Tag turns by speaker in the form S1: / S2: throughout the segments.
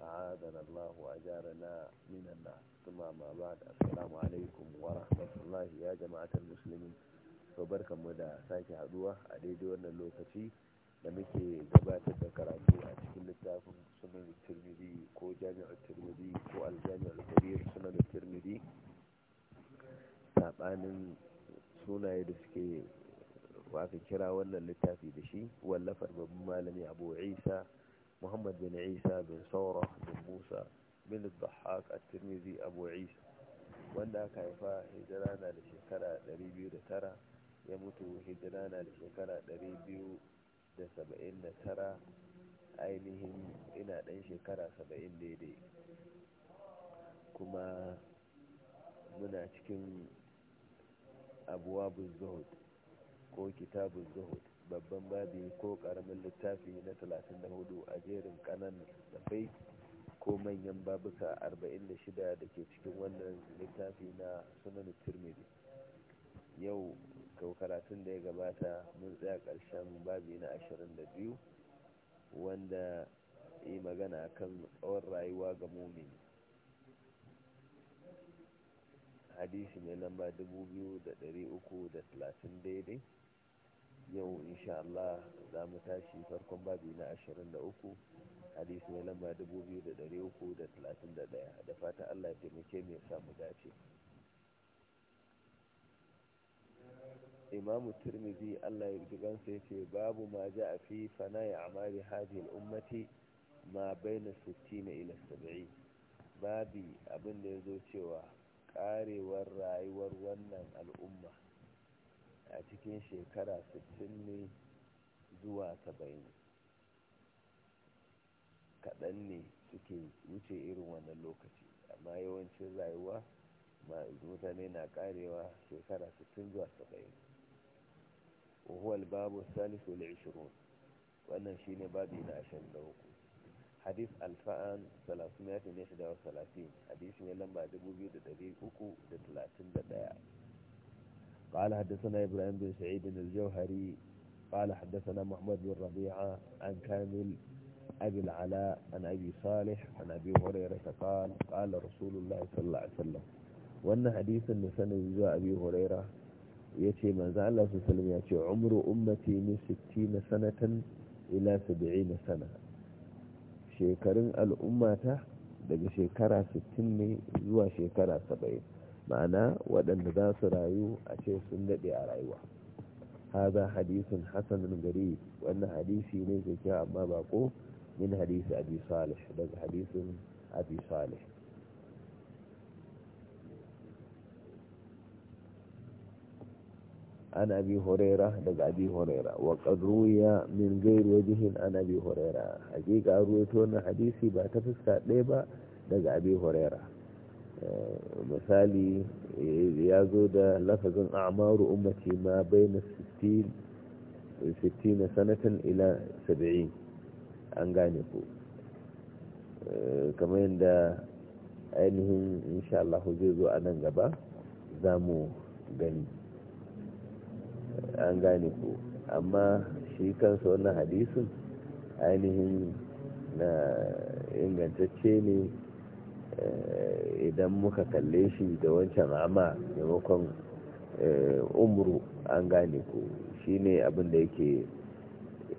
S1: A'a أعاذنا الله وأجارنا من النار ثم ما بعد السلام عليكم ورحمة الله يا جماعة المسلمين فبركة مدى ساكي حدوة أديدو أن اللوكتي da muke gabatar da karatu a cikin littafin sunan tirmidhi ko jami'ar tirmidhi ko aljami'ar kabir sunan tirmidhi sabanin sunaye da suke waka kira wannan littafi da shi wallafar babban malami abu isa bin بن bin بن ثورة musa موسى بن a الترمذي أبو عيسى wanda aka haifa hijira na da shekara 209 ya mutu hijira na da shekara 279 ainihin ina ɗan shekara 70 daidai kuma muna cikin abuwa zuhud ko kitabun zuhud babban babi ko karamin littafi na 34 a jerin kanan dafai ko manyan babuka 46 da ke cikin wannan littafi na sunan tirmidhi yau karatun da ya gabata mun tsaya karshen babi na 22 wanda yi magana kan tsawon rayuwa ga mumini hadisi mai lamba 2330 daidai yau insha Allah za mu tashi farkon babi na 23 hadisi mai lamba 2331 da fata Allah ya taimake mu ya mu dace imamu tirmidhi Allah ya ji gansa yace babu ma a fi fana'i amali hadhihi al-ummati ma baina 60 ila 70 babi abin da yazo cewa karewar rayuwar wannan al'umma a cikin shekara 60 ne zuwa 70 kaɗan ne suke wuce irin wannan lokaci amma yawancin rayuwa mutane na karewa shekara 60 zuwa 70 wahuwal babu salisu al-ishirun wannan shi ne babi na ashirin da uku hadis alfa'an ya fi 331 hadis ne lamba 2331 قال حدثنا إبراهيم بن سعيد الجوهري قال حدثنا محمد بن ربيعة عن كامل أبي العلاء عن أبي صالح عن أبي هريرة قال قال رسول الله صلى الله عليه وسلم وأن حديث النسان جاء أبي هريرة يتي من زعل الله صلى الله عليه وسلم يتي عمر أمتي من ستين سنة إلى سبعين سنة شيكرين الأمة daga shekara 60 ne zuwa shekara 70 ma'ana waɗanda za su rayu a ce sun daɗe a rayuwa haza hadisun hasanun gari wannan hadisi ne ke kyau amma bako min hadisi abi salih daga hadisin abi salih عن أبي هريرة لك أبي هريرة وقد روي من غير وجه عن أبي هريرة حقيقة رويتون حديثي ɗaya ليبا daga أبي هريرة misali eh, ya zo da lafazin a'maru ummati ma bayna 60 60 sanatan ila 70 an gane ko eh, kamar yadda ainihin insha Allah zai zo a nan gaba za mu gani an gane ko amma shi kansa wannan hadisin ainihin na eh, ingantacce ne Eh, idan muka kalle shi da wancan ama maimakon eh, umru an gane ku shine abin da yake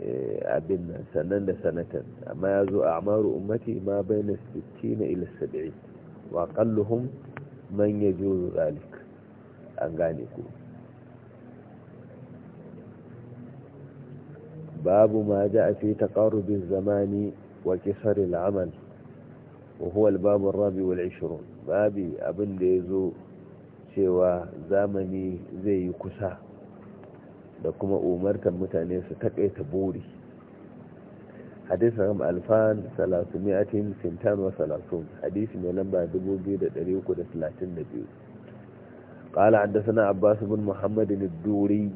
S1: eh, abin nan sannan da sanatan amma ya zo a amaru ummati ma bai na 60 ila 70 wa kalluhun manya ya zalik an gane ku babu ma ja a fi taƙarubin zamani wa kisar al'amal wa babu rabi wal 20 babi abin da zo cewa zamani zai yi kusa da kuma umartar mutane su takaita buri hadisi ram alfan 330 hadisi mai lamba 2332 قال حدثنا عباس بن محمد الدوري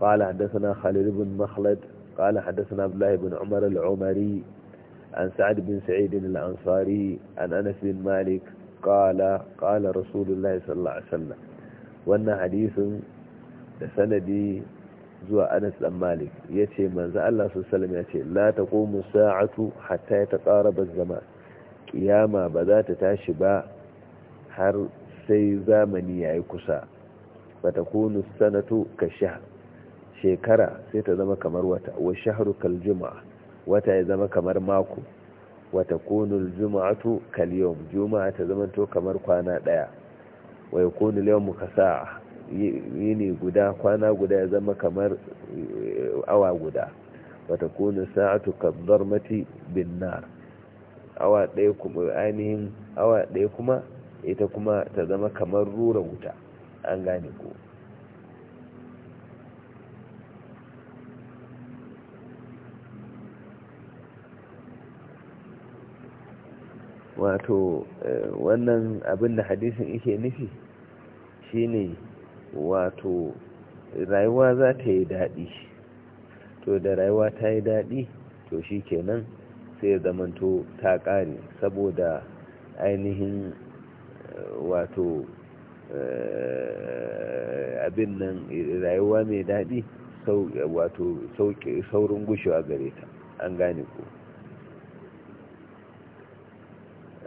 S1: قال حدثنا bin بن مخلد قال حدثنا عبد الله بن عمر العمري عن سعد بن سعيد الأنصاري عن أنس بن مالك قال قال رسول الله صلى الله عليه وسلم وأن حديث سندي زوى أنس بن مالك يتي من زال الله صلى الله عليه وسلم يتي لا تقوم الساعة حتى يتقارب الزمان قيامة بذات تاشبا har sai zamani ya yi kusa bata kunu sanatu ka shekara sai ta zama kamar wata wa shahru kal juma'a wata ya zama kamar mako wata kunul juma'atu kal juma'a ta zama to kamar kwana daya wa yakunu yawm muka sa yini guda kwana guda ya zama kamar eh, awa guda wata kunu sa'atu kaddar mati bin nar awa daya kuma ainihin awa ɗaya kuma ita kuma ta zama kamar rura wuta an gane ko wato eh, wannan abin da hadisin yake nufi shine wato rayuwa za ta yi daɗi to da rayuwa ta yi daɗi to shi kenan sai zamanto ta ƙare saboda ainihin eh, wato eh, abin nan rayuwa mai daɗi wato saurin gushewa gare ta an gane ku.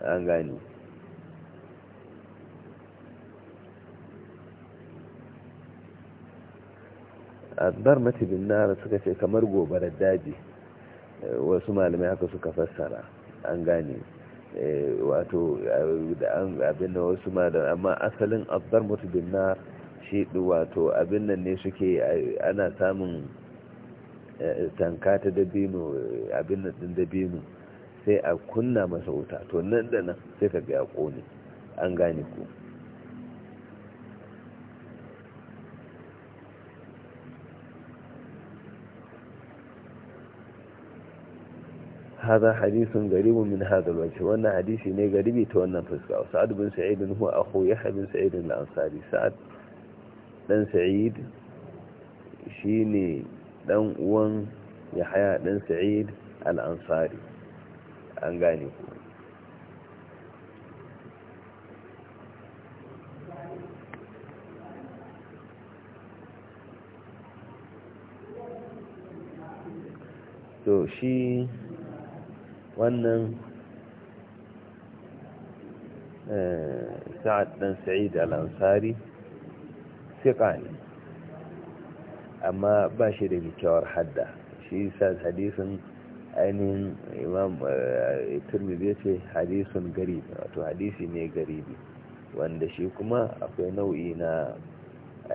S1: an gani adbar matibin nara suka ce kamar gobarar daji eh, wasu malamai haka suka fassara an gane eh, wato da eh, an abin da wasu malamai amma asalin adbar matibin nara shi wato abin nan ne suke ana samun tanka ta dabino abin nan din dabino sai a kunna masa wuta to nan da nan sai ka ga ya kone an gane ku هذا حديث غريب من هذا الوجه وانا حديثي ني غريبي تو wannan fuska Sa'ad bin Sa'id huwa akhu Yahya bin Sa'id al-Ansari Sa'ad dan Sa'id shine dan uwan Yahya dan Sa'id al-Ansari an gane ku to shi wannan eh, sa'ad ɗan sa'id al ne amma ba shi da kyakkyawar hadda shi sa hadisin ainihin imam eh, turmidi ya ce hadisun gari wato hadisi ne garibi wanda shi kuma akwai nau'i na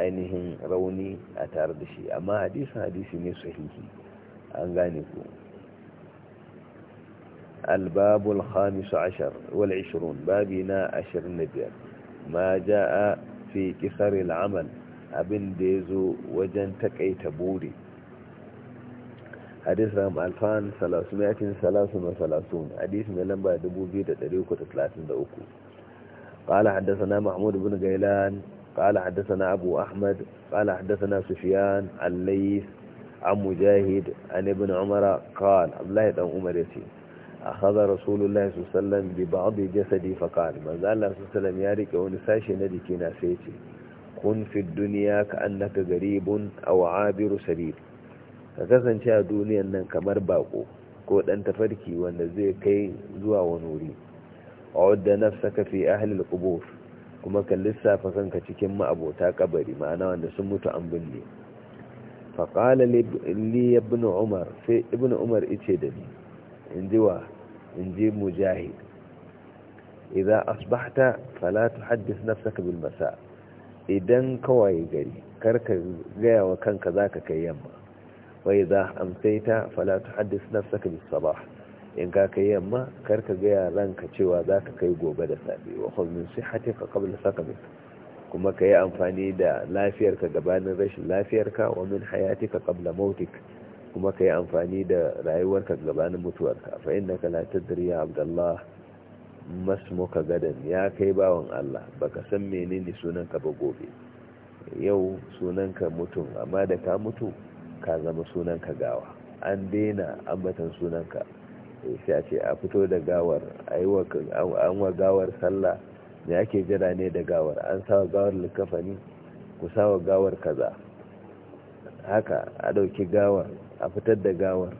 S1: ainihin rauni a tare da shi amma hadisun hadisi ne sahihi an gane ku albabul hamisu ashar wal ishirun babi na ashirin na biyar ma ja'a fi kisar al'amal abin da ya zo wajen takaita buri hadis ram alfan salasumiyatin salasun wa salasun hadis mai lamba 2333 قال حدثنا محمود بن غيلان قال حدثنا أبو أحمد قال حدثنا سفيان عن ليث عن مجاهد عن ابن عمر قال عبد الله بن عمر يتي أخذ رسول الله صلى الله عليه وسلم ببعض جسدي فقال من ذا الله صلى الله عليه وسلم يارك ونساشي ندكي ناسيتي كن في الدنيا كأنك غريب أو عابر سبيل ka kasance a duniyan nan kamar bako ko dan tafarki wanda zai kai zuwa wani wuri a wadda nafsaka fi ahlil qubur kuma ka lissafa kanka cikin ma'abota kabari ma'ana wanda sun mutu an binne faƙala li ibn umar sai ibn umar ice da ni in ji wa in ji mujahid idza asbahta fala tuhaddith nafsaka bil masa idan kawai gari karka gaya wa kanka zaka kai yamma faiza amsaita fala tuhaddis nafsaka bis sabah in ka kai yamma kar ka ga ranka cewa za ka kai gobe da safe wa hati ka sihhatika saka saqamik kuma ka yi amfani da lafiyarka gabanin rashin lafiyarka wa min ka kabla mautik kuma ka yi amfani da rayuwarka gabanin mutuwarka fa innaka la tadri ya abdullah masmuka gadan ya kai bawon Allah baka san menene sunanka ba gobe yau sunanka mutum amma da ka mutu ka zama sunanka gawa an daina ambatan sunanka eh, sai a ce a fito da gawar an wa gawar sallah me ake jira ne da gawar an sawa gawar likafani ku sawa gawar kaza haka a ɗauki gawar a fitar da gawar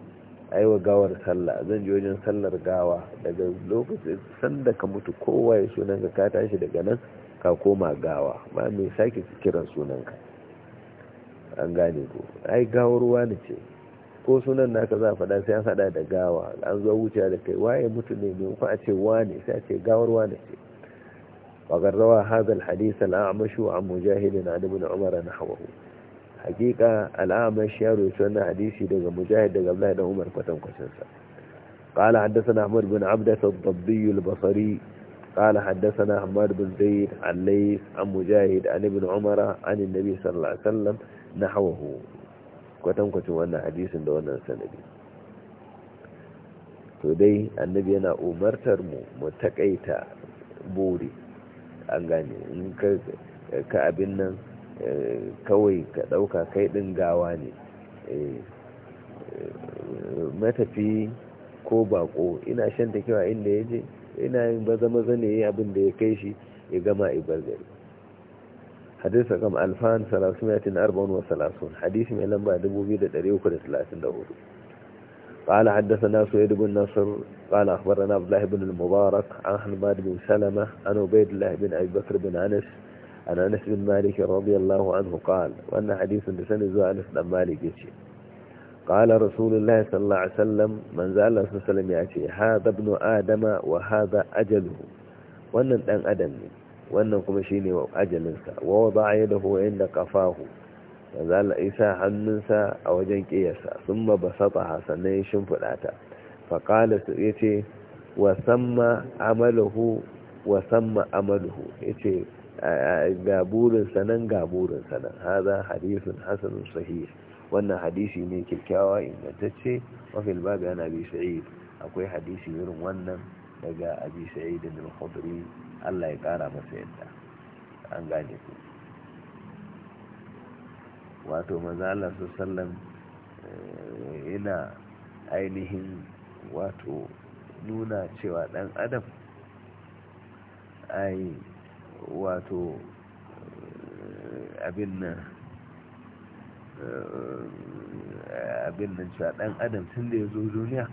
S1: aiwa gawar sallah zan ji wajen sallar gawa daga lokacin sanda ka mutu kowa ya sunanka ka tashi daga nan ka koma gawa ba mai sake kiran sunanka an gane ko ai gawar wani ce ko sunan naka za faɗa sai an faɗa da gawa an zo wuce da kai waye mutu ne ne ko a ce wani sai a ce gawar wani ce wa garrawa hada alhadisa al'amashu an mujahidin na dubu na umar na hawahu hakika al'amashi ya roce wannan hadisi daga mujahid daga abdullahi da umar kwatan kwatan sa قال حدثنا احمد بن عبدة الضبي البصري قال حدثنا احمد بن زيد عن ليث عن مجاهد عن ابن عمر عن النبي صلى الله عليه وسلم na kwatankwacin wannan hadisin da wannan sanadi to dai annabi yana umartar mu mu takaita buri an gane in ka abin nan eh, kawai ka ɗauka kai ɗin gawa ne eh, eh, matafi ko bako ina shan takewa inda ya je ina yin baza maza ne abin da ya kai shi ya gama ibar gari حديث رقم 2334 حديث من لما دبو بيد دريوك لثلاثين دهور قال حدثنا سويد بن نصر قال أخبرنا عبد الله بن المبارك عن حماد بن سلمة عن عبيد الله بن أبي بكر بن أنس عن أنس بن مالك رضي الله عنه قال وأن حديث لسان زو أنس بن مالك يشي قال رسول الله صلى الله عليه وسلم من زال الله صلى الله عليه وسلم يأتي هذا ابن آدم وهذا أجله وأن أن أدم wannan kuma shine ajalinsa wa wada'a yadahu inda kafahu manzo Allah isa hannunsa a wajen kiyarsa thumma basataha sannan ya shimfida ta fa qala su yace wa wasamma amaluhu wa samma amaluhu yace ga burinsa nan ga haza hadisun hasanun sahih wannan hadisi ne kyakkyawa ingantacce wafil babu yana bi sa'id akwai hadisi irin wannan daga abi sa'id al-khudri Allah ya kara masa yadda an gane ku wato mazalar su sallan yana ainihin wato nuna cewa dan adam ai wato eh, abin nan eh, abin nan cewa dan adam tun da ya zo duniya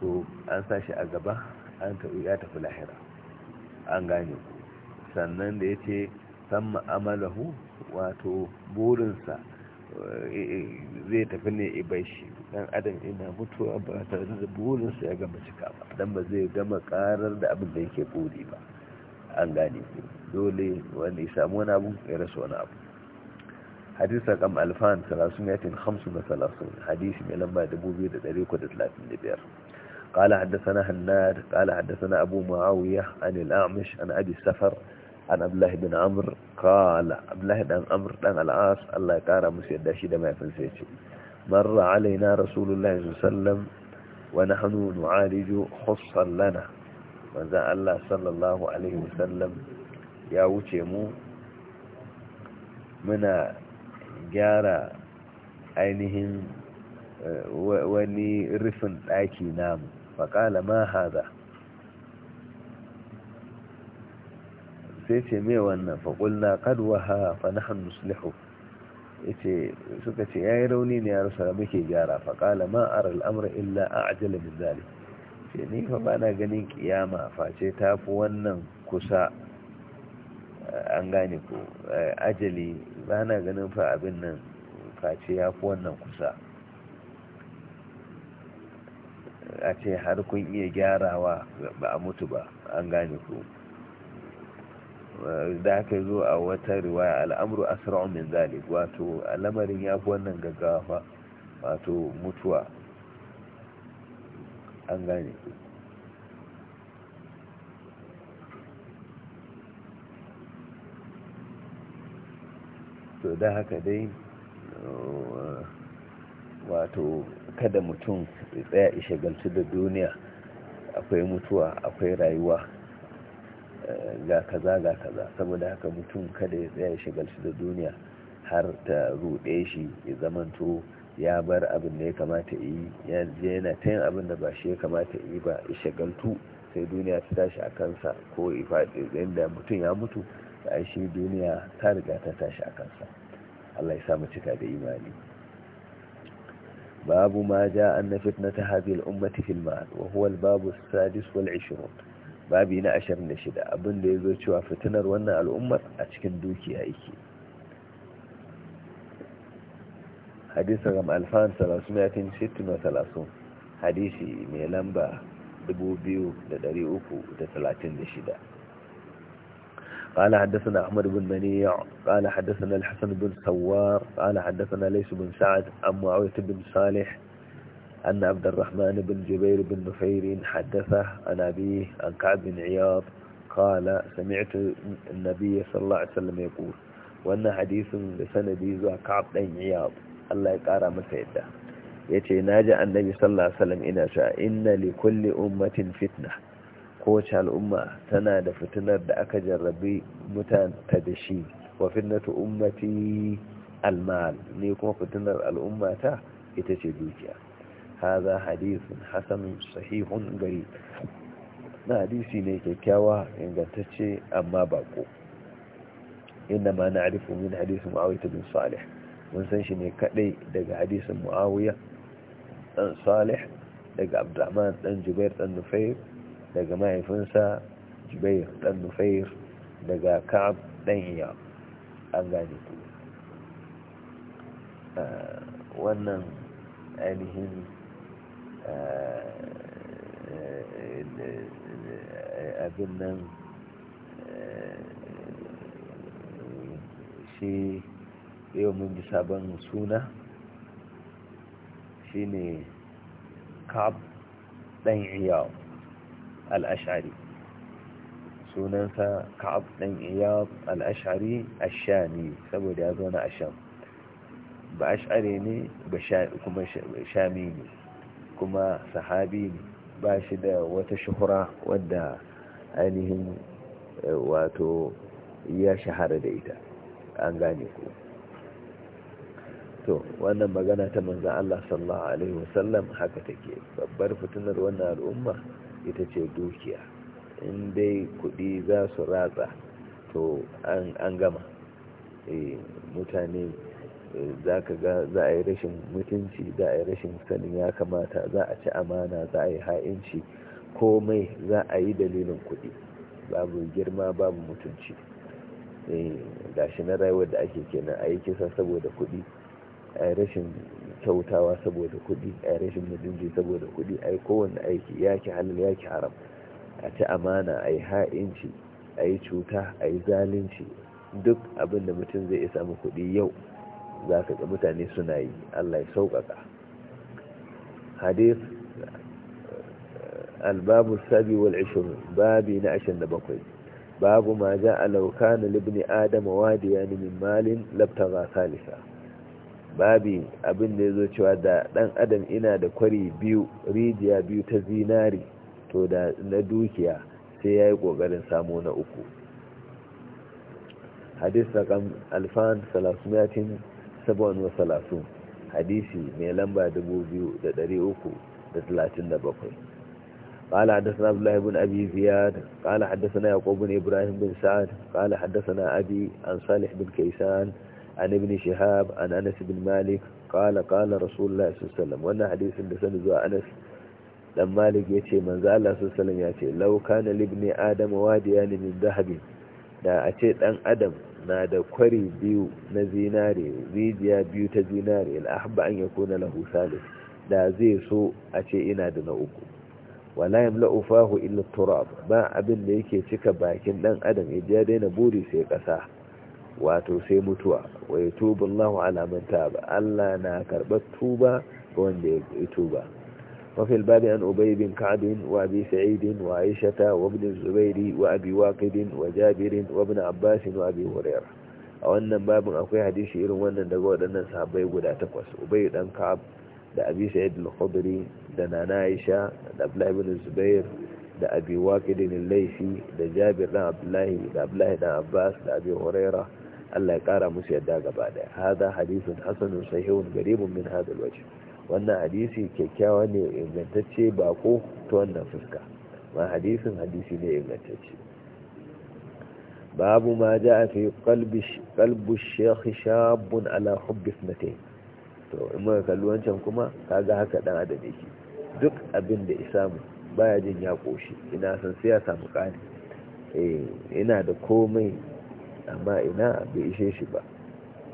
S1: to an sashi a gaba an tafi ya tafi lahira an gane ku sannan da ya ce samma hu wato burinsa eh, eh, zai tafi ne ibai shi dan adam ina mutuwa ba tare da burinsa ya gama cika ba dan ba zai gama karar da abin da yake buri ba an gane ku dole wani ya samu wani abu ya rasu wani abu hadis rakam alfan 335 hadisi mai lamba 2335 قال حدثنا هناد قال حدثنا أبو معاوية عن الأعمش عن أبي السفر عن عبد الله بن عمرو قال عبد الله بن عمرو بن العاص الله يقارى مسيدا شيدا ما يفلسيتي مر علينا رسول الله صلى الله عليه وسلم ونحن نعالج خصا لنا وذا الله صلى الله عليه وسلم يا وتيمو muna gyara ainihin wani rufin ɗaki namu faƙala ma haza sai ce mai wannan na ƙadwa ha fanahan muslihu suka ce ya yi rauni ne ya rasu muke gyara faƙala ma a al'amura illa a ajiyar min zali ce ni fa ba na ganin ƙiyama face ta fi wannan kusa an gane ku ajali ba na ganin fa abin nan face ya fi wannan kusa a ce har kun iya gyarawa ba a mutu ba an gane ku da aka zo a wata riwaya al'amru asra'u min zalik wato al'amarin ya fi wannan gaggawa wato mutuwa an gane ku to da haka dai wato kada mutum ya tsaya ishagaltu da duniya akwai mutuwa akwai rayuwa eh, ga kaza ga kaza saboda haka mutum kada ya tsaya ishagaltu da duniya har ta ruɗe shi ya zamanto ya bar abin da ya kamata yi ya je yana ta yin abin da ba shi ya kamata yi ba ishagaltu sai duniya ta tashi a kansa ko ifaɗi inda mutum ya mutu a shi duniya ta riga ta tashi a kansa Allah ya sa cika da imani باب ما جاء أن فتنة هذه الأمة في المال وهو الباب السادس والعشرون babi na ashirin da shida abinda ya zo cewa fitinar wannan al'ummar a cikin dukiya yake hadisa gam alfan 336 hadisi mai lamba shida. قال حدثنا أحمد بن منيع قال حدثنا الحسن بن سوار قال حدثنا ليس بن سعد عن معاوية بن صالح أن عبد الرحمن بن جبير بن نفير حدثه عن أبيه عن كعب بن عياض قال سمعت النبي صلى الله عليه وسلم يقول وأن حديث لسندي زوى كعب بن عياض الله يقارى مسيده يتي ناجى النبي صلى الله عليه وسلم إن شاء إن لكل أمة فتنة kowace al'umma tana da fitinar da aka jarrabe mutanta da shi wa fitnatu ummati almal ne kuma fitinar al'ummata ita ce dukiya haza hadisun hasanun sahihun gari na hadisi ne kyakkyawa ingantacce amma bako inda ma na arifu min hadisun ta bin salih mun san shi ne kadai daga hadisun mu'awiya dan salih daga abdurrahman dan jubair dan nufair daga mahaifinsa jubair ɗan nufair daga ka'ab dan iya an gane ku ah, wannan ainihin ah, abin nan ah, shi yau mun ji sabon suna shi ne ka'ab dan iya al sunansa ka'ab ɗan iyab al-ash'ari ash ne saboda ya zauna a sham ba ash'ari ne ba kuma shami ne kuma sahabi ne ba shi da wata shuhura wadda ainihin wato ya shahara da ita an gane ku to wannan magana ta manzan Allah sallallahu alaihi wasallam haka take babbar fitinar wannan al'umma ita ce dukiya in dai kuɗi za su ratsa to an gama eh, mutane eh, za ka ga za a yi rashin mutunci za a yi rashin sanin ya kamata za a ci amana za a yi ha'inci komai za a yi dalilin kuɗi babu girma babu mutunci da eh, shi na rayuwar da ake kenan a yi kisa saboda kuɗi a yi rashin kyautawa saboda kuɗi a rashin mutunci saboda kuɗi a yi kowane aiki ya ki halal ya ki haram a ci amana a yi ha'inci a yi cuta a yi zalunci duk abin da mutum zai samu kuɗi yau za ka ga mutane suna yi allah ya sauƙaƙa hadith albabu sabi wal ishirin babi na ashirin da bakwai babu ma ja a laukana libni adama wadiya min malin labta salisa babi abin da ya zo cewa da ɗan adam ina da kwari biyu rijiya biyu ta zinari to da na dukiya sai ya yi ƙoƙarin samu na uku hadis rakam alfan cin sabon wa salasun hadisi mai lamba dubu biyu da dari uku da talatin da bakwai haddasa na عبد الله abu أبي زياد haddasa na يعقوب ibrahim bin sa'ad bin kaisan na an bin عن ابن شهاب عن أنس بن مالك قال قال رسول الله صلى الله عليه وسلم وانا حديث دسن زوا malik ya ce manzo Allah sallallahu ya ce law kana libni adam wadiyan min dhahabi da a ce dan adam na da kwari biyu na zinare rijiya biyu ta zinari la ahba an yakuna lahu salis da zai so a ce ina da na uku wala yamla'u fahu illa turab ba abin da yake cika bakin dan adam ya ji ya daina buri sai kasa wato sai mutuwa wa yatubu Allahu ala man taba Allah na karbar tuba ga wanda ya tuba وفي الباب عن أبي بن كعب وأبي سعيد وعائشة وابن الزبير وأبي واقد وجابر وابن عباس وأبي هريرة a wannan babin akwai hadisi irin wannan daga waɗannan sahabbai guda takwas ubay dan ka'ab da abi sa'id al da nana aisha da abdullahi ibn zubair da abi waqid al da jabir dan abdullahi da abdullahi dan abbas da abi hurairah Allah ya kara musu yadda gaba daya hada hadisin hasanun sahihun garibun min hada alwajh wannan hadisi kyakkyawa ne ingantacce ba ko ta wannan fuska ma hadisin hadisi ne ingantacce babu ma ja a fi kalbi shekhi shabun ala hubbi fnatain to in muka kalli wancan kuma kaga haka dan adam yake duk abin da isa baya jin ya koshi ina san sai ya samu kani eh ina da komai amma ina bai ishe shi ba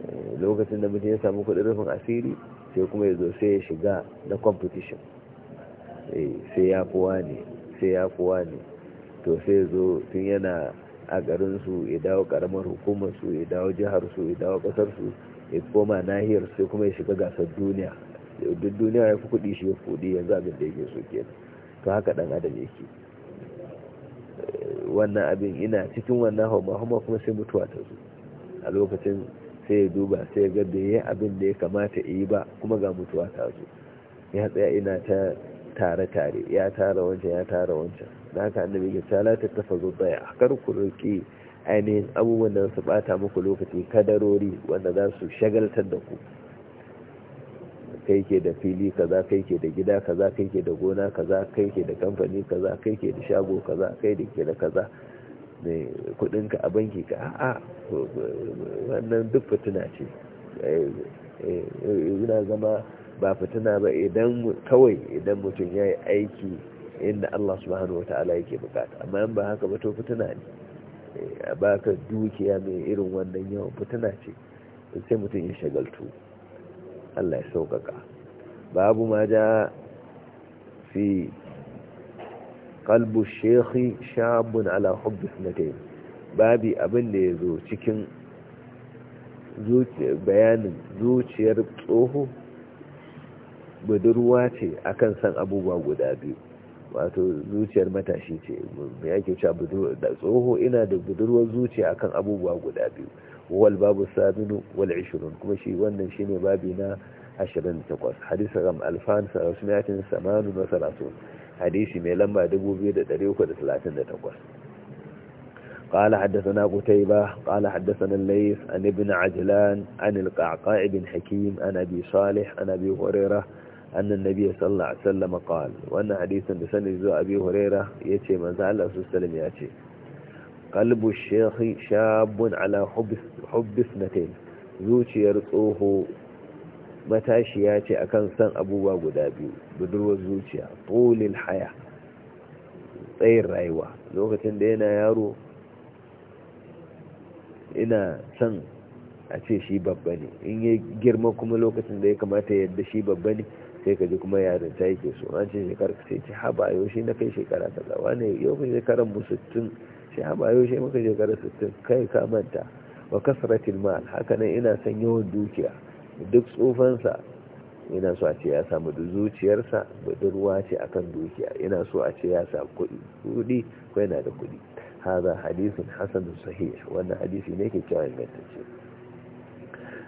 S1: eh, lokacin da mutum ya samu kudin rufin asiri sai kuma ya zo sai ya shiga na competition eh, sai ya kowa ne sai ya kowa ne to sai zo tun yana a garinsu ya dawo karamar hukumarsu ya dawo jiharsu ya dawo kasarsu ya koma nahiyar sai kuma ya shiga gasar duniya duk duniya ya fi kudi shi ya kudi yanzu abin da yake so kenan to haka dan adam yake wannan abin ina cikin wannan hauma kuma sai mutuwa ta zo a lokacin sai ya duba sai ya ga ya yi abin da ya kamata yi ba kuma ga mutuwa ta zo ya tsaya ina ta tare tare ya tara wancan ya tara wancan da haka annabi ya ta tafa zo kar ku roki ainihin abubuwan da su bata muku lokaci kadarori wanda za su shagaltar da ku kai ke da fili kaza kai ke da gida kaza kai ke da gona kaza kai ke da kamfani kaza kai ke da shago kaza kai da ke da kaza ne ka a banki ka a'a wannan duk fitina ce yana eh, eh, zama ba fituna ba idan kawai idan mutum ya yi aiki inda Allah subhanahu wata'ala yake bukata amma yan ba haka ba to fitina ne eh, a baka dukiya mai irin wannan yawan fitina ce sai mutum ya shagaltu Allah ya sauƙaƙa babu ma ja fi kalbu shekhi shabun ala hubbi sunatayn babi abin da ya zo cikin bayanin zuciyar tsoho budurwa ce akan san abubuwa guda biyu wato zuciyar matashi ce mai yake cewa da tsoho ina da budurwar zuciya akan abubuwa guda biyu wal babu saminu wal 20 kuma shi wannan shine babi na 28 hadisi ram alfan sarasmiyatin samanu na sarasun hadisi mai lamba 2338 قال حدثنا قتيبة قال حدثنا الليث عن ابن عجلان عن القعقاع بن حكيم عن أبي صالح عن أبي هريرة أن النبي صلى الله عليه وسلم قال وأن حديثا بسنة أبي هريرة يتي من زعل أسوس سلم يتي kalbu shehi shabun ala hubbis na zuciyar tsoho matashiya ce akan san abubuwa guda biyu budurwar zuciya tsolin haya tsayin rayuwa lokacin da yana yaro ina son a ce shi babba ne in ya girma kuma lokacin da ya kamata yadda shi babba ne sai ka ji kuma yarinta yake so an ce shekar sai ce haba yau shi na kai shekara ta zawa ne yau kai shekaran mu sittin ce haɓa yaushe muka shekara 60 kai ka manta wa kasratin mal haka nan ina son yawan dukiya duk tsufansa ina so a ce ya samu da zuciyarsa budurwa ce akan dukiya ina so a ce ya samu kuɗi kuɗi ko yana da kuɗi haza hadisin hasan sahih wannan hadisi ne ke cewa ingantacce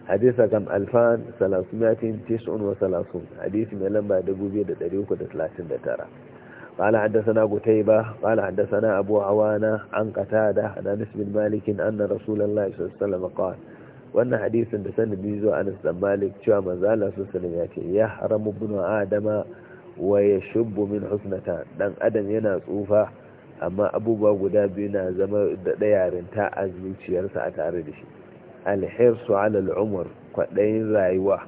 S1: hadisa kam alfan 339 hadisi mai lamba 2339 قال حدثنا قتيبة قال حدثنا أبو عوانة عن قتادة عن أنس بن مالك أن رسول الله صلى الله عليه وسلم قال وأن حديث بسند بيزو أنس بن مالك شو ما زال صلى يحرم ابن آدم ويشب من حسنتان دان أدم ينا صوفا amma abubuwa guda biyu na zama da yarinta a zuciyarsa a tare da shi alhirsu alal umar kwaɗayin rayuwa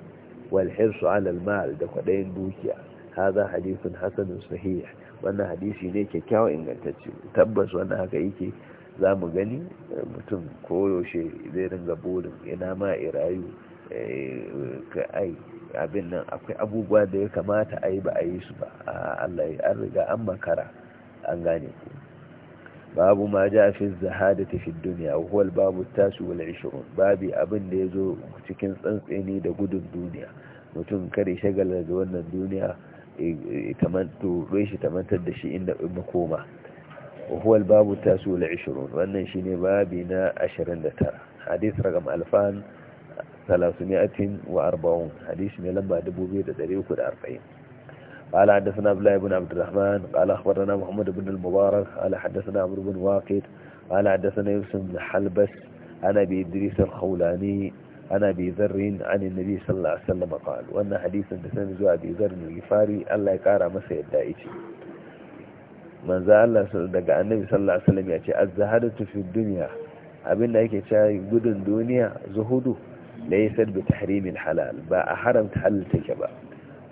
S1: walhirsu alal mal da kwaɗayin dukiya haza hadisun hasanun sahih wannan hadisi ne kyakkyawa ingantacce tabbas wannan haka yake za mu gani eh, mutum koyaushe zai ringa burin ina ma irayu eh, ka ai abin nan akwai abubuwa da ya kamata a yi ba a yi su ba a Allah an riga an makara an gane ku babu ma ja fi zahada ta fi duniya huwal babu tasu wal ishirin babi abin da ya zo cikin tsantseni da gudun duniya mutum kare shagala da wannan duniya turai shi ta mantar da shi inda in makoma huwal babu ta su la wannan shi ne babi na ashirin da tara hadith ragam alfan talasuni wa arba'un hadith mai lamba dubu biyu da dari uku da arba'in قال حدثنا عبد الله بن عبد الرحمن قال اخبرنا محمد بن المبارك قال حدثنا عمرو بن واقد قال حدثنا يوسف بن حلبس عن ابي ادريس الخولاني عن أبي ذر عن النبي صلى الله عليه وسلم قال وأن حديث تسمى أبي ذر الغفاري الله يكارى مسيح الدائج من ذا الله دقى النبي صلى الله عليه وسلم يأتي الزهادة في الدنيا أبن لك قد الدنيا زهود ليست بتحريم الحلال با أحرم تحلتك با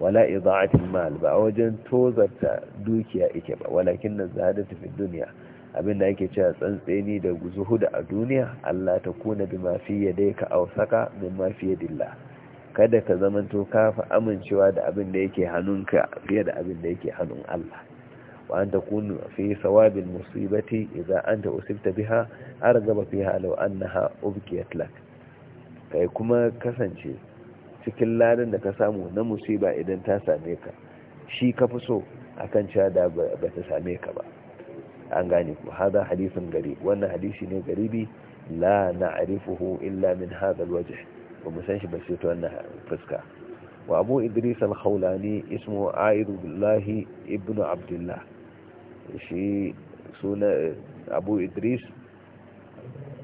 S1: ولا إضاعة المال با وجن توزرت دوكيا إكبا ولكن الزهادة في الدنيا abinda ake cewa tsantseni da zuhuda a duniya Allah ta kuna bi mafi yadayka aw saka min mafi dilla kada ka zamanto ka fa amincewa da abin da yake hannunka fiye da abin da yake hannun Allah wa an kunu fi sawabil musibati an anta usibta biha gaba fiha law annaha ubkiyat lak kai kuma kasance cikin ladan da ka samu na musiba idan ta same ka shi ka fi so akan cewa da ba ta same ka ba an gane ku hada hadisin gari wannan hadisi ne garibi la na'rifuhu illa min hada alwajh wa musan san shi ba to ta wannan fuska wa abu idris alkhawlani ismu a'idu billahi ibnu abdullah shi suna abu idris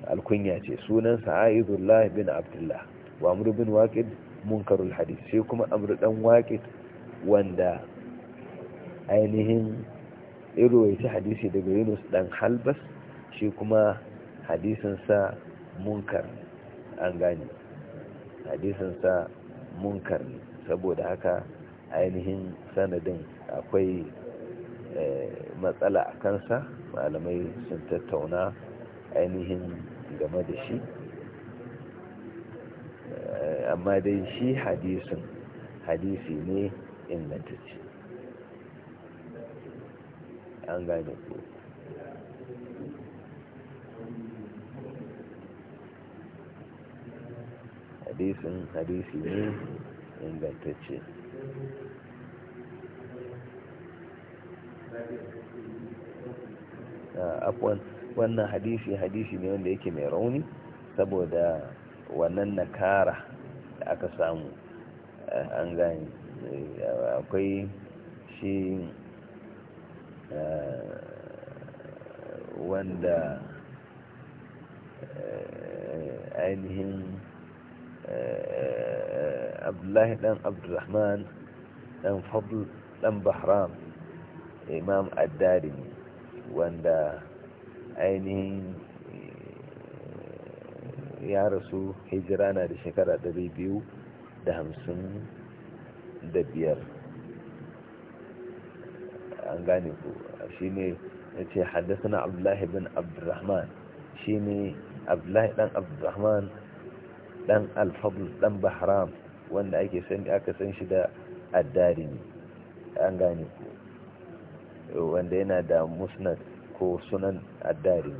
S1: alkunya ce sunansa billahi bin abdullah wa amr bin waqid munkarul hadith sai kuma amr dan waqid wanda ainihin ya rawaita hadisi daga Yunus dan Halbas shi kuma hadisin sa munkar an gane hadisin sa munkar saboda haka ainihin sanadin akwai eh, matsala a kansa malamai sun tattauna ainihin game da shi eh, amma dai shi hadisin hadisi ne ingantacce an gane ku hadisin hadisi ne ingantacce ah, wannan hadisi hadisi ne wanda yake mai rauni saboda wannan nakara da aka samu ah, an gani eh, akwai shi wanda ainihin abdullahi dan abdurrahman dan fadl dan bahram imam addarimi wanda ainihin ya rasu hijira na da shekara 255 an gane ku ne shine haddasa na abdullahi bin abdurrahman ne abdullahi dan abdurrahman dan alfabul, dan bahram wanda ake sani aka san shi da addari ne an gane ku wanda yana da musnad ko sunan addari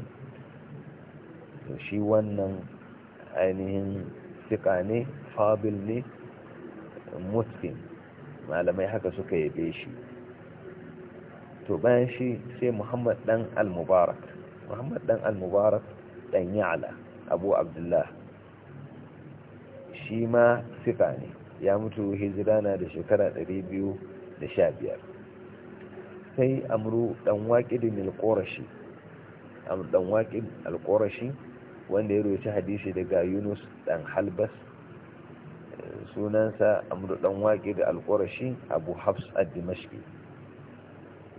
S1: ne shi wannan ainihin sika ne fabil ne muskin malamai haka suka yabe shi to bayan shi sai muhammad dan al-mubarak muhammad dan al-mubarak dan ya'la abu abdullah shi ma sifa ne ya mutu hijira na da shekara 215 sai amru dan waqid al-qurashi amru dan waqid al-qurashi wanda ya roci hadisi daga yunus dan halbas sunansa amru dan waqid al-qurashi abu hafs ad-dimashqi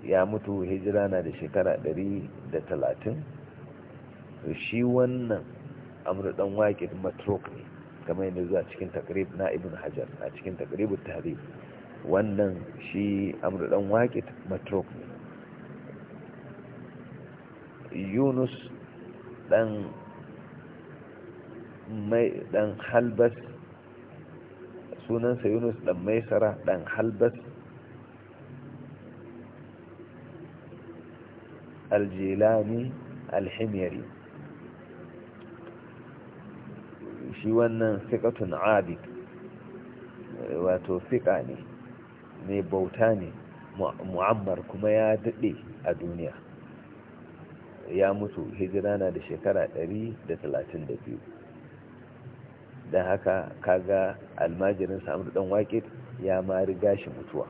S1: ya mutu hijira na da shekara 130 shi wannan amur dan waƙid matrok ne kamar yadda zuwa cikin takrib na ibn hajar a cikin takribul tahrib wannan shi amur dan waƙid matrok ne yunus dan mai dan halbas sunansa yunus dan maisara dan halbas aljilani alhimyari shi wannan fiƙatun abid wato fiƙa ne mai bauta ne mu'ammar kuma ya daɗe a duniya ya mutu hijira na da shekara da da talatin biyu. don haka kaga almajirin samun ɗan waƙe ya mari gashi mutuwa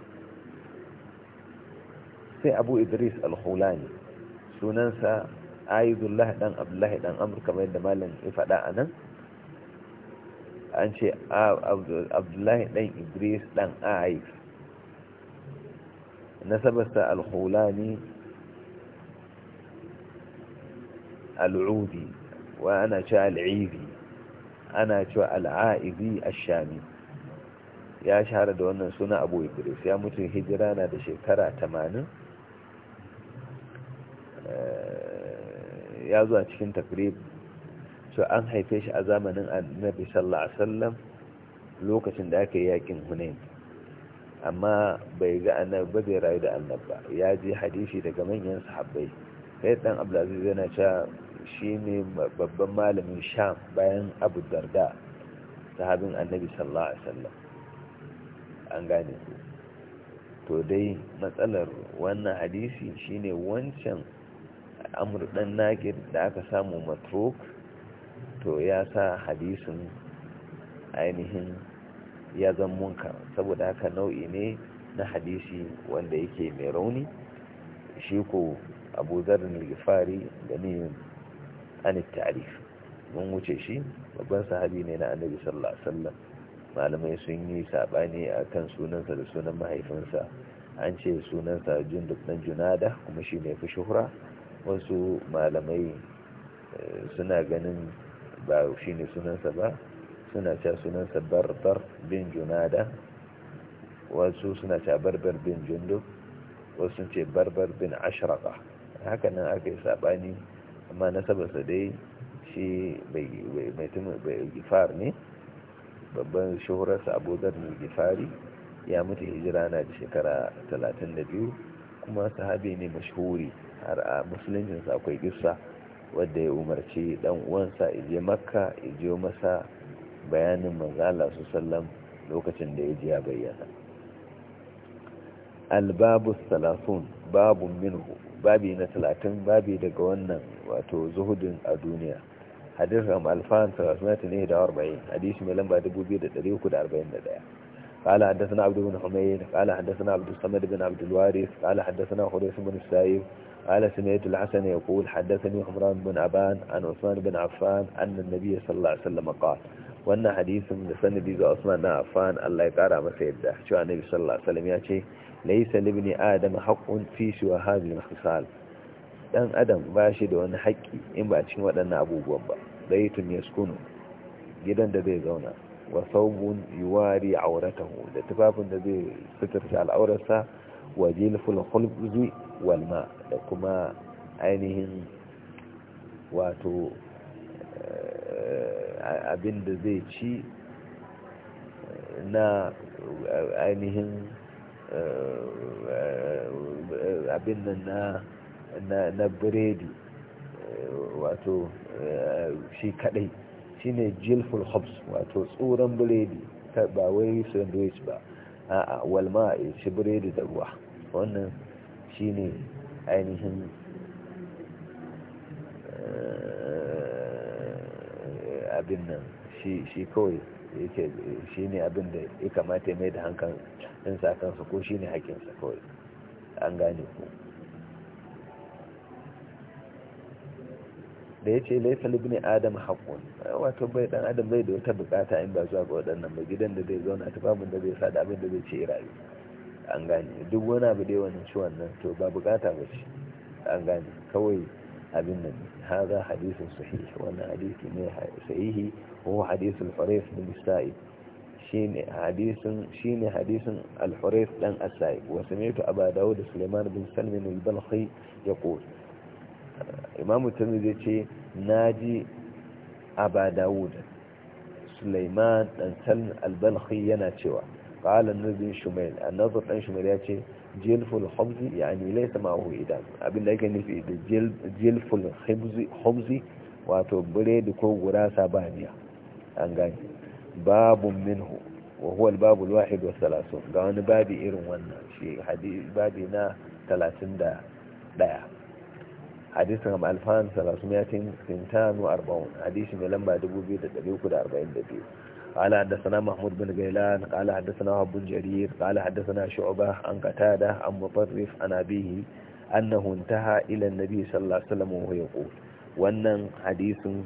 S1: sai abu idris al-hulani sunansa aizullah dan abdullahi dan amurka kamar yadda malam ya faɗa a nan an ce abdullahi dan idris dan aiz nasabarsa alhulani al'udi wa ana ce al'izi ana ce al'aizi ashami ya shahara da wannan suna abu idris ya mutu hijira na da shekara tamanin. Eh, ya zuwa cikin takrib so an haife shi a zamanin annabi sallallahu alaihi wasallam lokacin da aka yi yakin hunain amma bai ga annabi ba zai rayu da annabi ba ya ji hadisi daga manyan sahabbai sai dan abdulaziz yana cewa ne babban malamin sham bayan abu darda sahabin annabi sallallahu alaihi wasallam an gane to dai matsalar wannan hadisi shine wancan amur dan nagir da aka samu matrok to ya sa hadisin ainihin ya zan munka saboda haka nau'i ne na hadisi wanda yake mai rauni shi ko abu zarin lifari da ne an tarif mun wuce shi babban sahabi ne na annabi sallallahu alaihi wasallam malamai sun yi sabani akan sunansa da sunan mahaifinsa an ce sunansa jundub dan junada kuma shi ne fi shuhura wasu malamai eh, suna ganin ba shi ne sunansa ba suna ca sunansa barbar bin junada wasu suna ca barbar bin jundu wasu ce barbar bin ashraka hakanan aka yi saɓani amma nasabarsa dai shi mai gifar ne babban shahurarsa abudar mai gifari ya mutu hijira na da shekara 32 kuma sahabi ne mashhuri har a musuluncinsa akwai kissa wadda ya umarci dan uwansa ije makka ije masa bayanin manzala su sallam lokacin da ya ji ya bayyana albabu salafun babu minhu babi na talatin babi daga wannan wato zuhudin a duniya hadith ram alfan salasmati ne da arba'in hadith mai lamba dubu biyu da ɗari uku da arba'in da ɗaya قال حدثنا عبد بن حميد قال حدثنا عبد الصمد بن عبد الوارث قال حدثنا خريص بن السائب قال سمعت الحسن يقول حدثني عمران بن عبان عن عثمان بن عفان أن النبي صلى الله عليه وسلم قال wannan hadisin da sanadi ga Usman na Affan Allah ya kara masa yadda cewa Annabi sallallahu alaihi wasallam ya ce laysa libni adam haqqun fi siwa hadhihi al-khisal dan adam bashi shi da wani haƙƙi in ba cikin waɗannan abubuwan ba ya yaskunu gidan da zai zauna wa thawbun yuwari hu da tufafin da zai suturta al'aurarsa wa jilful walma da kuma ainihin wato eh, abin da zai ci na ainihin eh, eh, abin nan na na biredi wato shi kadai shine jilful hops wato tsuran biredi ba wai sandwich ba a'a walma shi biredi da ruwa wannan ne ainihin eh, abin nan shi kawai yake shi ne abin da ya kamata ya mai da hankalin a kansa ko shi ne haƙinsa kawai an gane ku da ya ce laifin libni adam haƙon eh, wato bai dan adam bai da wata bukata in ba zuwa ga waɗannan mai gidan da zai zauna ta babin da zai sa da abin da zai ce rayu an gane duk wani abu dai wani ciwon nan to ba bukata ba ce an gane kawai abin nan haza hadisin sahih wannan hadisi ne sahihi ko hadisul hurayf bin sa'id shine hadisin shine hadisin al-hurayf dan as-sa'id wa sami'tu aba dawud sulaiman bin salmin al-balkhi yaqul imamu tirmidhi ce naji aba dawud sulaiman dan salmin al-balkhi yana cewa قال النبي شميل النظر عن شميل ياتي جلف الخبز يعني ليس معه إدام أبن لك أن نفي جلف الخبز خبز وتبريد كو غراسة بانية أنقاني باب منه وهو الباب الواحد والثلاثون قال بابي إرم وانا شيء حديث بابنا ثلاثين دا دا حديثهم ألفان ثلاثمائة سنتان وأربعون حديث لما دبو بيدة دبو كده أربعين دبو قال حدثنا محمود بن غيلان قال حدثنا ابو الجرير قال حدثنا شعبه عن قتاده عن مطرف عن أبيه انه انتهى الى النبي صلى الله عليه وسلم وهو يقول wannan hadisin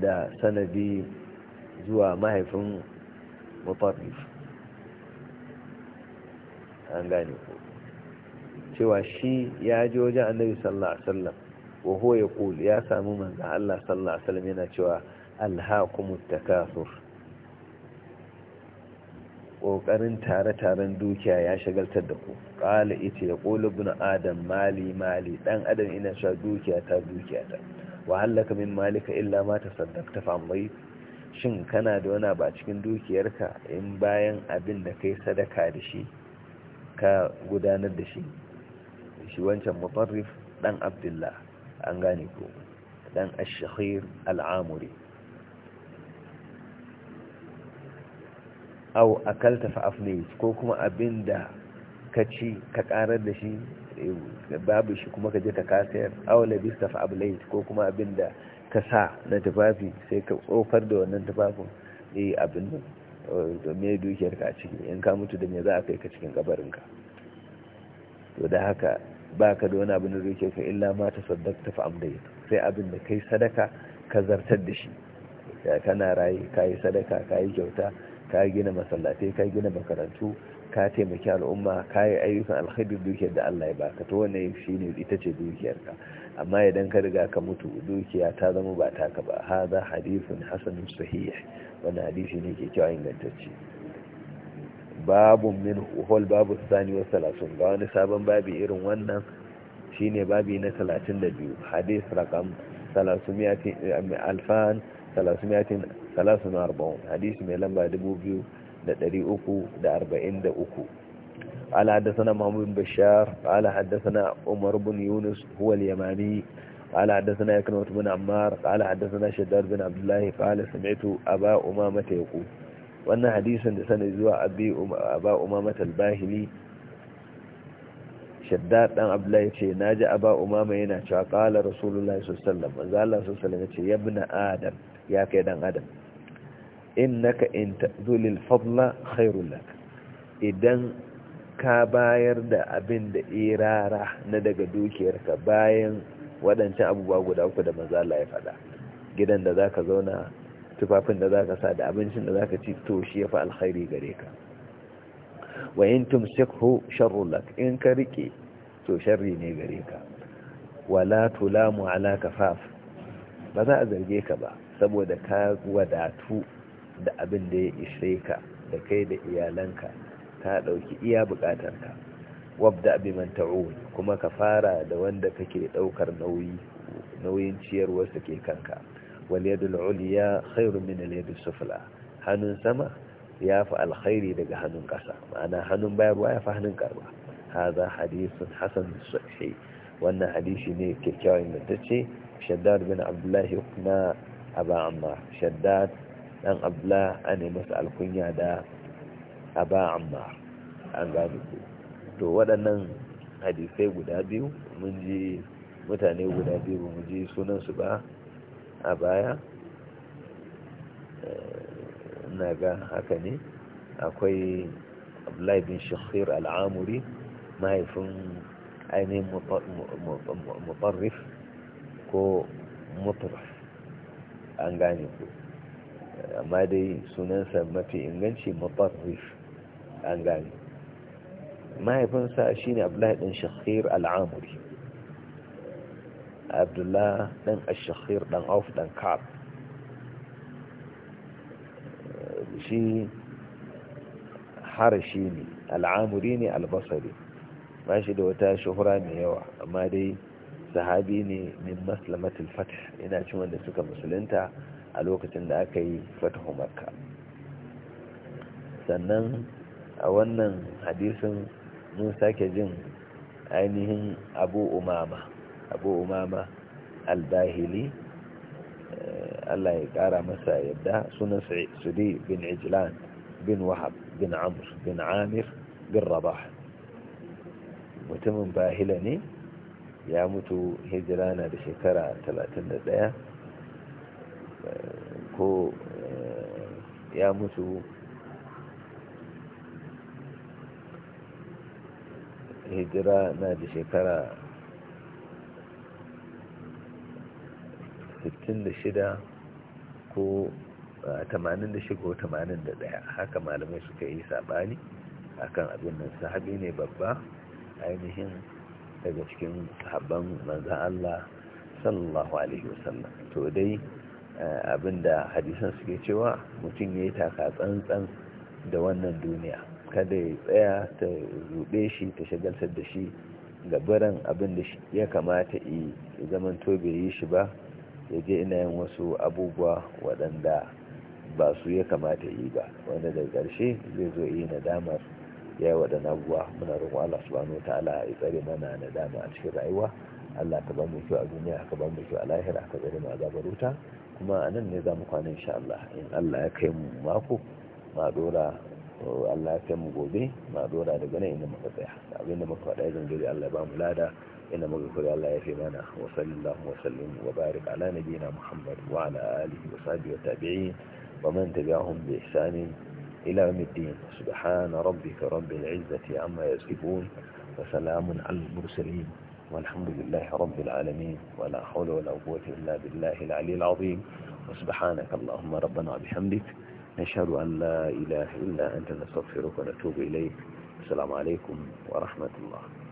S1: da sanadi zuwa mahaifin mutarrif an gane ku cewa shi ya ji wajen annabi sallallahu alaihi wasallam wa huwa yaqul ya samu manzo Allah sallallahu alaihi wasallam yana cewa alhaƙumu takasur ƙoƙarin tare-taren dukiya ya shagaltar da ku ƙala ita ya ƙola bin adam mali mali ɗan adam ina sha dukiya ta dukiya ta wahallaka min malika illa ma ta saddakta famai shin kana da wani ba cikin dukiyarka in bayan abin da kai sadaka da shi ka gudanar da shi shi wancan mutarrif ɗan abdullah an gane ku ɗan ashahir al'amuri au akalta fa afli ko kuma abin ka ci ka karar da shi eh, babu shi kuma ka je ka kasayar au labista fa ablayt ko kuma abin da ka sa na tufafi sai ka tsofar da wannan tufafin eh abin nan to eh, me dukiyar ka a ciki in ka mutu da me za a kai ka cikin kabarin ka to da haka baka da wani abin da dukiyar ka illa ma ta saddaqta fa ablayt sai abin da kai sadaka ka zartar da shi kana raye kayi sadaka kayi kyauta ka gina masallatai ka gina makarantu ka taimaki al'umma ka yi ayyukan alkhairi dukiyar da Allah ya baka to wannan shine ita ce dukiyarka amma idan ka riga ka mutu dukiya ta zama ba ka ba hadha hadithun hasanun sahih wannan hadisi ne ke kyau ingantacce babu min hol babu sani wa salasun ga wani sabon babi irin wannan shine babi na 32 hadith raqam 300 alfan 340 hadisi mai lamba 2343 قال حدثنا محمود بن بشار قال حدثنا عمر بن يونس هو اليماني قال حدثنا يكنوت بن عمار قال حدثنا شداد بن عبد الله قال سمعت أبا أمامة يقول وأن حديثا لسنة زواء أبا أمامة الباهلي shaddad dan abdullahi ce naji aba umama yana cewa qala rasulullahi sallallahu alaihi wasallam manzo Allah sallallahu alaihi wasallam yace yabna adam ya kai dan adam innaka in ta'dhulil fadla khairul lak idan ka bayar da abin da irara na daga dukiyarka bayan waɗancan abubuwa guda uku da maza Allah ya fada gidan da zaka zauna tufafin da zaka sa da abincin da zaka ci to shi yafi alkhairi gare ka wa in tumsikhu sharrul lak in ka rike to sharri ne gare ka wala tulamu ala kafaf ba za a zarge ka ba saboda ka wadatu da abin da ya ishe ka da kai da iyalanka ka ɗauki iya buƙatarka wabda man ta'un kuma ka fara da wanda kake daukar nauyi nauyin ciyarwarsa ke kanka wal yadul uliya khairu min al yadis sufla hannun sama ya fi alkhairi daga hannun ƙasa ma'ana hannun bayarwa ya fi hannun karba haza hadisun hasan sahih wannan hadisi ne kyakkyawan tace shaddad bin abdullahi na aba amma shaddad dan abla Ani, masa alkunya da aba amma an gado ku to waɗannan hadisai guda biyu mun ji mutane guda biyu ba mu ji sunansu ba a baya na ga haka ne akwai abdullahi bin shakhir al'amuri mahaifin ainihin mutarrif ko mutarrif an gane ku amma dai sunansa mafi inganci matarrif an gane mahaifinsa shine abdullahi ɗan shakhir al'amuri abdullahi ɗan ashakhir ɗan auf ɗan kaf shi harashi ne al'amuri ne albasari ba shi da wata shuhura mai yawa amma dai sahabi ne min maslamatul fath ina cin wanda suka musulunta a lokacin da aka yi fatahu makka sannan a wannan hadisin mun sake jin ainihin abu umama abu umama albahili eh, Allah ya kara masa yadda sunan sudi bin ijlan bin wahab bin amr bin amir bin rabah mutumin bahila ne ya mutu hijira na da shekara 31 ko eh, ya mutu hijira na da shekara 66 ko 86 eh, ko 81 haka malamai suka yi sabani akan abin nan sahabi ne babba ainihin daga cikin sahabban manzan Allah sallallahu alaihi wasallam to dai eh, abinda hadisan suke cewa mutum ya yi taka tsantsan da wannan duniya kada ya tsaya ta rube shi ta shagaltar da shi gabaran abin da ya kamata yi zaman to yi shi ba ya je ina yin wasu abubuwa waɗanda ba su ya kamata yi ba wanda da ƙarshe zai zo yi nadamar ya yi waɗanda abubuwa muna roƙon Allah subhanahu ta'ala ya tsare mana na dama a cikin rayuwa Allah ka ba mu kyau a duniya ka ba mu kyau a lahira ka tsare mu azabar wuta kuma a nan ne za mu kwana insha Allah in Allah ya kai mu mako ma dora Allah ya kai mu gobe ma dora daga nan inda muka tsaya abin da muka faɗa zan gari Allah ba mu lada inda muka kuri Allah ya fi mana wa sallallahu wa sallim wa barik ala nabiyina Muhammad wa ala alihi wa sahbihi wa tabi'in wa man tabi'ahum bi ihsanin إلى يوم الدين سبحان ربك رب العزة عما يصفون وسلام على المرسلين والحمد لله رب العالمين ولا حول ولا قوة إلا بالله العلي العظيم وسبحانك اللهم ربنا وبحمدك نشهد أن لا إله إلا أنت نستغفرك ونتوب إليك السلام عليكم ورحمة الله